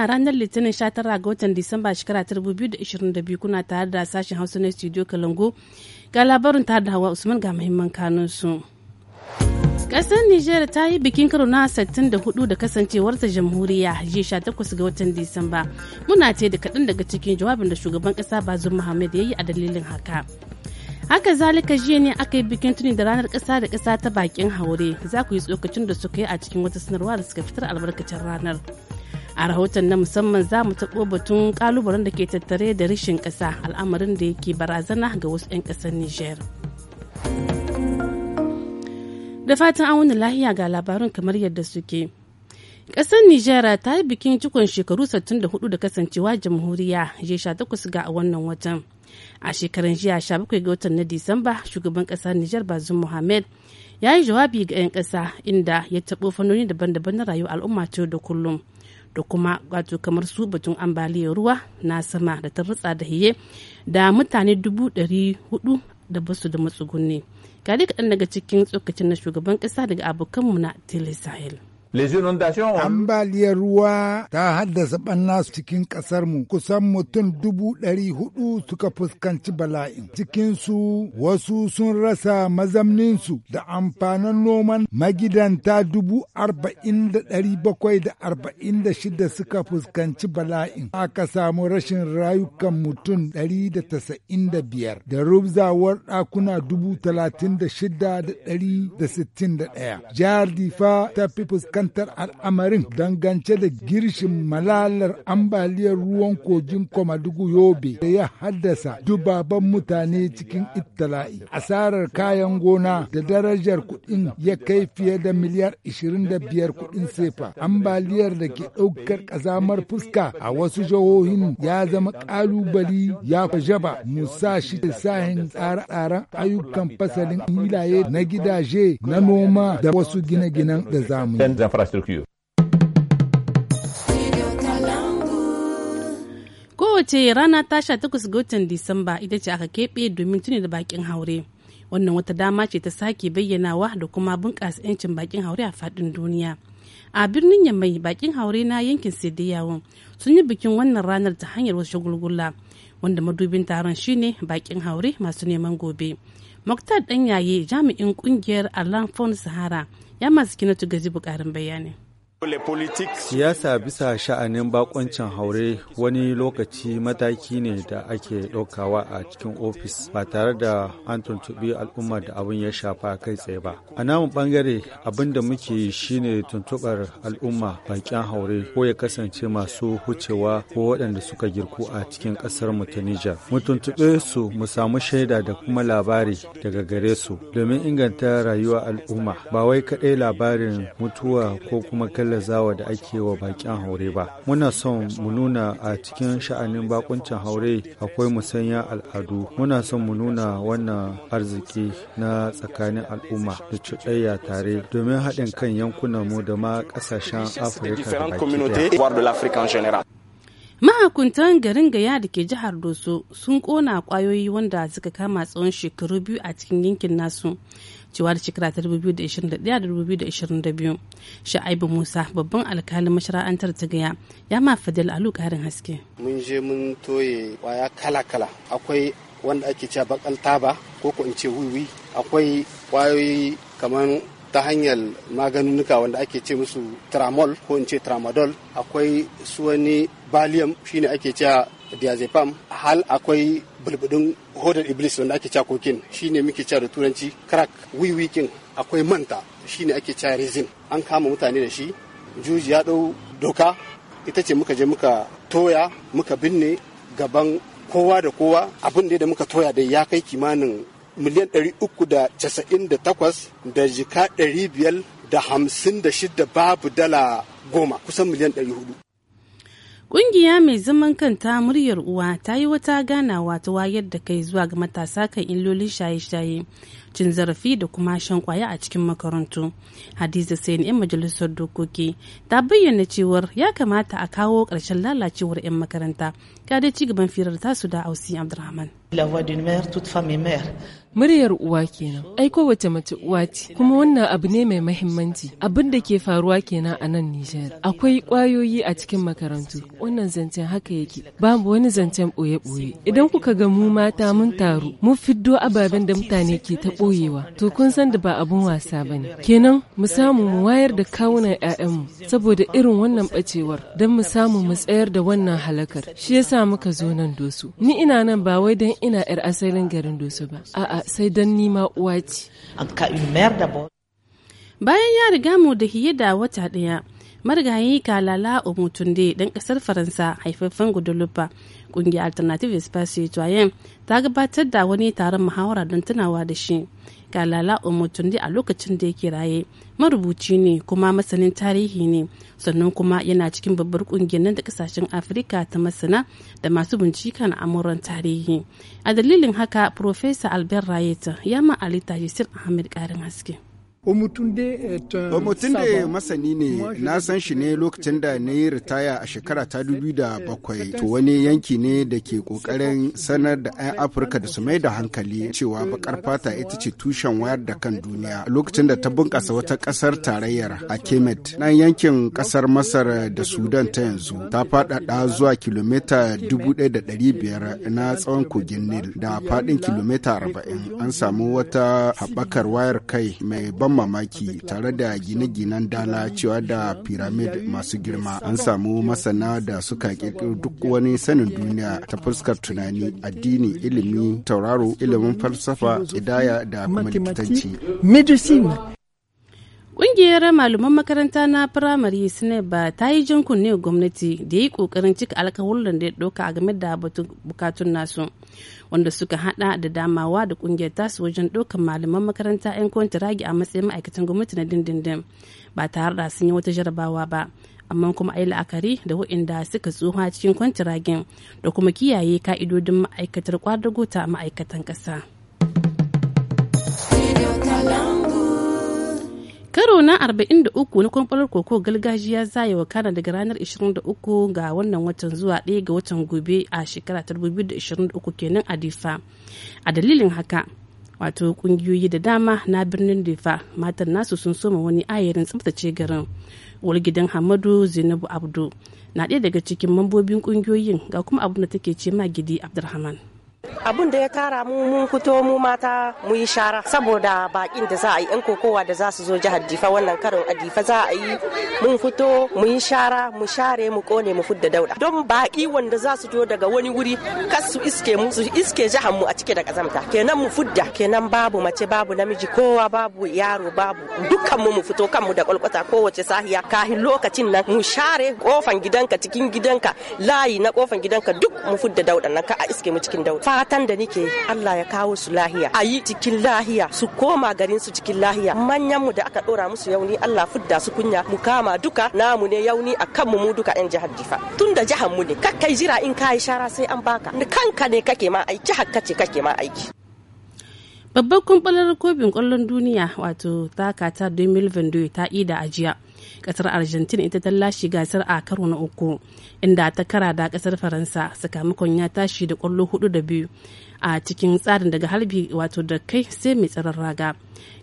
a ranar Litinin 19 ga watan Disamba shekara 2022 kuna tare da sashen Hausa na Studio Kalango ga labarin tare da Hawa Usman ga muhimman kanunsu. Kasar Nijar ta yi bikin karo na 64 da kasancewarta jamhuriya jiya 18 ga watan Disamba. Muna ce da kaɗan daga cikin jawabin da shugaban ƙasa Bazoum Muhammad ya yi a dalilin haka. haka zalika jiya ne aka yi bikin tuni da ranar ƙasa da ƙasa ta bakin haure za ku yi tsokacin da suka yi a cikin wata sanarwa da suka fitar albarkacin ranar a rahoton na musamman za mu taɓo batun kalubalen da ke tattare da rashin ƙasa al'amarin da yake barazana ga wasu 'yan ƙasar niger da fatan an wani lahiya ga labarun kamar yadda suke Ƙasar nijar ta yi bikin cikon shekaru 64 da kasancewa jamhuriya sha 18 ga wannan watan. A shekarun jiya 17 ga watan na Disamba, shugaban ƙasar Nijar Bazum Mohamed ya yi jawabi ga 'yan ƙasa inda ya taɓo fannoni daban-daban na rayuwar al'umma ta da kullum. da kuma wato kamar su batun ambaliyar ruwa na sama da ta rutsa da hiye da mutane dubu ɗari hudu da basu da matsugunni ga kaɗan daga cikin tsokacin na shugaban ƙasa daga abokanmu na tele sahel Ambaliyar ruwa ta haddasa ɓanna cikin ƙasarmu kusan mutum dubu ɗari hudu suka fuskanci bala'in. Cikinsu wasu sun rasa mazamninsu da amfanin noman magidanta dubu arba'in da ɗari bakwai da arba'in da shida suka fuskanci bala'in. Aka samu rashin rayukan mutum ɗari da tasa'in da biyar da rubzawar ɗakuna dubu talatin da shida da ɗari da sittin da ɗaya. Jihar Difa ta fi fuskanci makantar al'amarin dangance da girshin malalar ambaliyar ruwan kogin Komadugu Yobe da ya haddasa dubaban mutane cikin ital'ai. Asarar kayan gona da darajar kuɗin ya kai fiye da miliyar 25 kuɗin sefa. Ambaliyar da ke ɗaukar ƙazamar fuska a wasu jihohin ya zama ƙalubali ya fajaba musa shi da sahin tsare-tsaren ayyukan fasalin hilaye na gidaje na noma da wasu gine-ginen da zamu infrastructure. Kowace rana ta sha takwas ga watan Disamba ita ce aka keɓe domin tuni da bakin haure. Wannan wata dama ce ta sake bayyanawa da kuma bunƙasa 'yancin bakin haure a faɗin duniya. a birnin yamai bakin haure na yankin yawon sun yi bikin wannan ranar ta hanyar wasu shagulgula wanda madubin taron shine bakin haure masu neman gobe Muktar Danyaye jami'in ƙungiyar Alan Sahara ya masu kinatu gaji bukarin bayani. Siyasa bisa sha'anin bakoncin haure wani lokaci mataki ne da ake ɗaukawa a cikin ofis ba tare da an tuntuɓi al'umma da abin ya shafa kai tsaye ba. A namun ɓangare abin da muke yi shine tuntuɓar al'umma bakin haure ko ya kasance masu hucewa ko waɗanda suka girku a cikin ƙasar mu ta Mu tuntuɓe su mu samu shaida da kuma labari daga gare su domin inganta rayuwar al'umma ba wai kaɗai labarin mutuwa ko kuma kallon gallazawa da ake wa bakin haure ba muna son mu nuna a cikin sha'anin bakuncin haure akwai musanyan al'adu muna son mu nuna wannan arziki na tsakanin al'umma da cuɗayya tare domin haɗin kan yankunanmu da ma ƙasashen afirka da baki mahakuntan garin gaya da ke jihar doso sun kona kwayoyi wanda suka kama tsawon shekaru biyu a cikin yankin nasu cewa da shekara ta 2021-2022 sha'aibu musa babban alkalin mashara'antar ta gaya ya ma fadil alu karin haske mun je mun toye kwaya kala-kala akwai wanda ake cewa bakal taba ko ko in ce wiwi akwai kwayoyi kamar ta hanyar maganunuka wanda ake ce musu tramol ko in ce tramadol akwai su wani balium shine ake cewa diazepam hal akwai bulbudin hodar iblis wanda ake cewa kokin shine muke cewa da turanci crack wiwikin akwai manta shine ake cewa resin an kama mutane da shi juji ya dau doka ita ce muka je muka toya muka binne gaban kowa da kowa abin da muka toya da ya kai kimanin miliyan 398 da jika 556 babu dala goma kusan miliyan 400. Ƙungiya mai zaman kanta muryar uwa ta yi wata ganawa ta wayar da kai zuwa ga matasa kan illolin shaye-shaye, cin zarafi da kuma shan kwaya a cikin makarantu. Hadiza ni 'yan majalisar dokoki ta bayyana cewar ya kamata a kawo ƙarshen lalacewar 'yan makaranta. Ga dai ci gaban firar tasu da Ausi Abdulrahman. Muryar uwa kenan. Ai kowace mace uwa ce, kuma wannan abu ne mai mahimmanci. Abin da ke faruwa kenan a nan Nijar. Akwai ƙwayoyi a cikin makarantu. Wannan zancen haka yake. Babu wani zancen boye ɓoye Idan kuka ga mu mata mun taru, mu fiddo ababen da mutane ke ta ɓoyewa. To kun san da ba abun wasa ba ne. Kenan mu samu mu wayar da kawunan 'ya'yanmu saboda irin wannan ɓacewar don mu samu mu tsayar da wannan halakar. Shi yasa muka zo nan dosu. Ni ina nan ba wai don ina 'yar asalin garin Doso ba, a'a sai don nima uwa ce. Bayan ya riga mu da hiye da wata ɗaya, marigayi kalala omotunde dan kasar faransa haifaffen gudurupa ƙungiyar alternative espace citoyen ta gabatar da wani taron muhawara don tunawa da shi kalala omotunde a lokacin da yake raye marubuci ne kuma masanin tarihi ne sannan kuma yana cikin babbar ƙungiyar nan da kasashen afirka ta masana da masu bincika na amuran tarihi a dalilin haka professor albert rayeta ya ma ali ahmed karin haske Omotunde masani ne na san shi ne lokacin da na yi ritaya a shekara ta bakwai to wani yanki ne da ke kokarin sanar da 'yan Afirka da su mai da hankali cewa bakar fata ita ce tushen wayar da kan duniya lokacin da ta bunkasa wata kasar tarayyar a Kemet nan yankin kasar Masar da Sudan ta yanzu ta faɗaɗa zuwa kilomita 1,500 na tsawon kogin Nil da faɗin kilomita 40 an samu wata haɓakar wayar kai mai ban ban mamaki tare da gine-ginen dala cewa da piramid masu girma an samu masana da suka kirkiro duk wani sanin duniya ta fuskar tunani addini ilimi tauraro ilimin falsafa idaya da kuma likitanci Ƙungiyar malaman makaranta na firamare ba ta yi jan kunne gwamnati da yi ƙoƙarin cika alkawuran da ya ɗauka a game da bukatun nasu wanda suka hada da damawa da ƙungiyar tasu wajen ɗaukar malaman makaranta 'yan kwantiragi a matsayin ma'aikatan gwamnati na dindindin ba tare da sun yi wata jarabawa ba amma kuma ayi la'akari da waɗanda suka tsoha cikin kwantiragin da kuma kiyaye ka'idodin ma'aikatar kwadago ta ma'aikatan ƙasa. Karo na 43 na kwamfalar koko galgajiya za yi wakana daga ranar 23 ga wannan watan zuwa 1 ga watan gobe a shekara 2023 kenan a Difa. A dalilin haka, wato kungiyoyi da dama na birnin Difa matan nasu sun soma wani ayarin tsabtace garin. gidan Hamadu Zainabu Abdu na ɗaya daga cikin mambobin kungiyoyin ga kuma abin da take ce ma gidi Abdulrahman. abin da ya kara mu mun fito mu mata mu yi shara saboda bakin da za a yi yan kokowa da za su zo jihar difa wannan karin a difa za a yi mun fito mu yi shara mu share mu kone mu fudda dauda don baki wanda za su zo daga wani wuri kas su iske mu su iske jihar mu a cike da kazamta kenan mu fudda kenan babu mace babu namiji kowa babu yaro babu dukkan mu mu fito kanmu da kwalkwata kowace sahiya kahin lokacin nan mu share kofan gidanka cikin gidanka layi na kofan gidanka duk mu fudda dauda nan ka a iske mu cikin dauda fatan da nike Allah ya kawo su lahiya a yi cikin lahiya su koma garin su cikin lahiya manyan mu da aka dora musu yauni Allah fudda su kunya mu kama duka namu ne yauni a kanmu mu duka yan jihar Difa tun da jihar mu ne kakkai jira in kai shara sai an baka kanka ne kake ma aiki hakka ce kake ma aiki babbar kumbalar kofin kwallon duniya wato takata ta 2022 ta ida ajiya kasar argentina ita ta lashe gasar a karo na uku inda ta kara da kasar faransa sakamakon ya tashi da kwallo hudu da biyu a cikin tsarin daga halbi wato da kai sai mai tsaron raga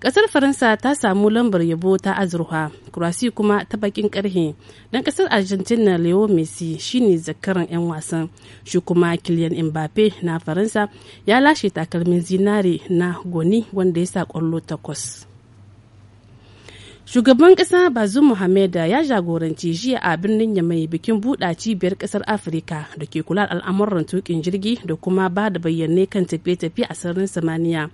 kasar faransa ta samu lambar yabo ta azurfa kurasi kuma ta bakin karhe dan kasar argentina leo messi shine zakaran 'yan wasan shi kuma Kylian mbappe na faransa ya lashe takalmin zinare na goni wanda ya sa kwallo takwas Shugaban ƙasa Bazum Muhammeda ya jagoranci jiya a birnin Yamai bikin buɗa cibiyar ƙasar Afirka da ke kula al'amuran tukin jirgi da kuma ba da bayyane kan tafiye-tafiye a sararin samaniya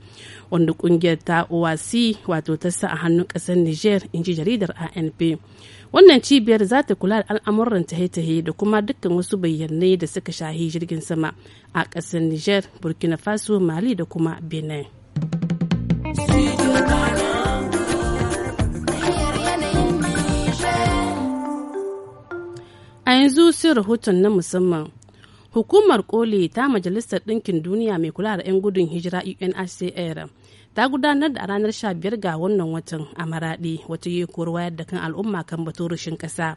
wanda ƙungiyar ta OAC wato ta sa a hannun ƙasar Niger in ji jaridar ANP. Wannan cibiyar za ta kula da al'amuran tahe-tahe da kuma dukkan wasu bayyane da suka shahi jirgin sama a ƙasar Niger, Burkina Faso, Mali da kuma Benin. yanzu sai rahoton na musamman. Hukumar koli ta Majalisar Ɗinkin Duniya mai kula da 'yan gudun hijira UNHCR ta gudanar da a ranar biyar ga wannan watan a maraɗi wata yi wayar da kan al'umma kan batun rushin ƙasa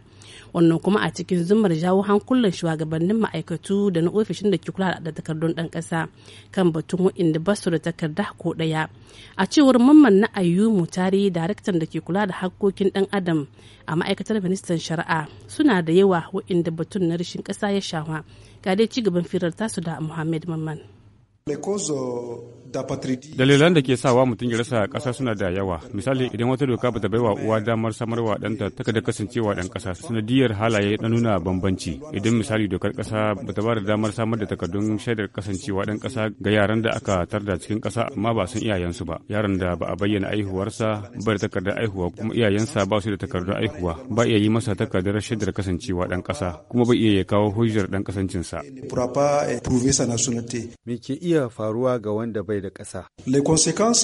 wannan kuma a cikin zumar jawo hankulan shugabannin ma'aikatu da na ofishin da ke kula da takardun ɗan ƙasa kan batun waɗanda ba su da takarda ko ɗaya a cewar mamman na ayyumu tare daraktan da ke kula da hakkokin ɗan adam a ma'aikatar ministan shari'a suna da yawa wainda batun na rashin ƙasa ya shawa ga dai ci gaban firar tasu da muhammed mamman. Dalilan da ke sawa mutum ya rasa ƙasa suna da yawa. Misali idan wata doka ba bata baiwa uwa damar samarwa ɗanta takardar kasancewa ɗan ƙasa sanadiyar halaye na nuna bambanci. Idan misali dokar ƙasa bata ba da damar samar da takardun shaidar kasancewa ɗan ƙasa ga yaran da aka tarda cikin ƙasa amma ba sun iyayensu ba. Yaran da ba a bayyana aihuwarsa ba da takardar aihuwa kuma iyayensa ba su da takardun aihuwa ba iya yi masa takardar shaidar kasancewa ɗan ƙasa kuma ba iya kawo hujjar ɗan ƙasancinsa. Me ke iya faruwa ga wanda bai da ƙasa.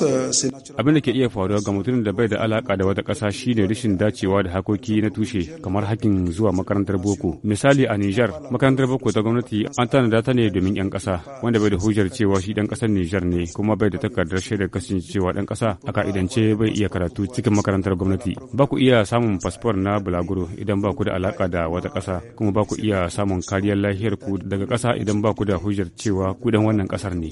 Euh, Abin da ke iya faruwa ga mutumin da bai da alaƙa da wata ƙasa shi ne rashin dacewa da hakoki na tushe kamar hakkin zuwa makarantar boko. Misali a Nijar, makarantar boko ta gwamnati an tanada ta ne domin 'yan ƙasa wanda bai da hujjar cewa shi ɗan ƙasar Nijar ne kuma bai da takardar shaidar kasancewa ɗan ƙasa a ka'idance bai iya karatu cikin makarantar gwamnati. Ba ku iya samun fasfor na bulaguro idan ba ku da alaƙa da wata ƙasa kuma ba ku iya samun kariyar lahiyar ku daga ƙasa idan ba ku da hujjar cewa ku dan wannan ƙasar ne.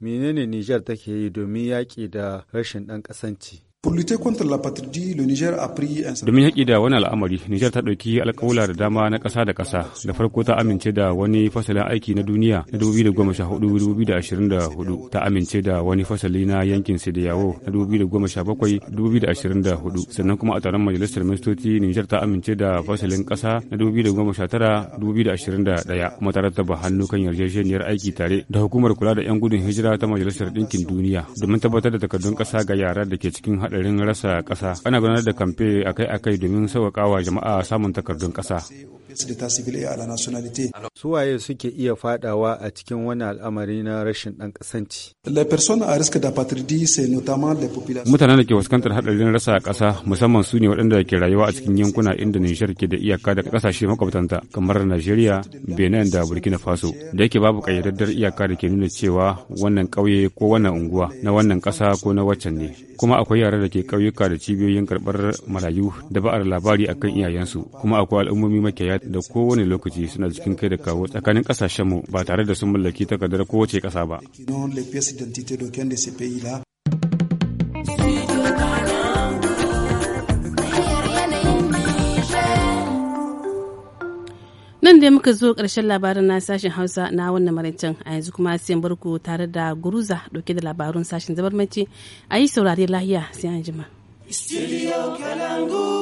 Menene Nijar take yi domin yaƙi da rashin ɗan ƙasanci? Domin yaƙi da wani al'amari, Nijar ta ɗauki alƙawula da dama na ƙasa da ƙasa. Da farko ta amince da wani fasalin aiki na duniya na 2014-2024, ta amince da wani fasali na yankin Sidiyawo na 2017-2024, sannan kuma a taron Majalisar Ministoci Nijar ta amince da fasalin ƙasa na 2019-2021, kuma ta rattaba hannu kan yarjejeniyar aiki tare da hukumar kula da 'yan gudun hijira ta Majalisar Ɗinkin Duniya domin tabbatar da takardun ƙasa ga yara da ke cikin haɗarin rasa ƙasa ana gudanar da kamfe akai-akai domin sauƙaƙa wa jama'a samun takardun ƙasa Suwaye suke iya fadawa a cikin wani al'amari na rashin ɗan populations. Mutanen da ke fuskantar haɗarin rasa ƙasa musamman su ne waɗanda ke rayuwa a cikin yankuna inda Nijar ke da iyaka da ƙasashe makwabtanta kamar Najeriya, Benin da Burkina Faso. Da yake babu ƙayyadaddar iyaka da ke nuna cewa wannan ƙauye ko wannan unguwa na wannan ƙasa ko na waccan ne. Kuma akwai yara da ke ƙauyuka da cibiyoyin karɓar marayu da ba'ar labari akan iyayensu kuma akwai al'ummomi makiyaya da kowane lokaci suna cikin kai da kawo tsakanin mu ba tare da sun mallaki takardar kowace kasa ba. nan dai muka zo karshen labarin na sashen hausa na wannan maraicin a yanzu kuma sai barku tare da guruza dauke da labarun sashen zabar mace a yi saurari lahiya sai an jima. Studio Kalangu.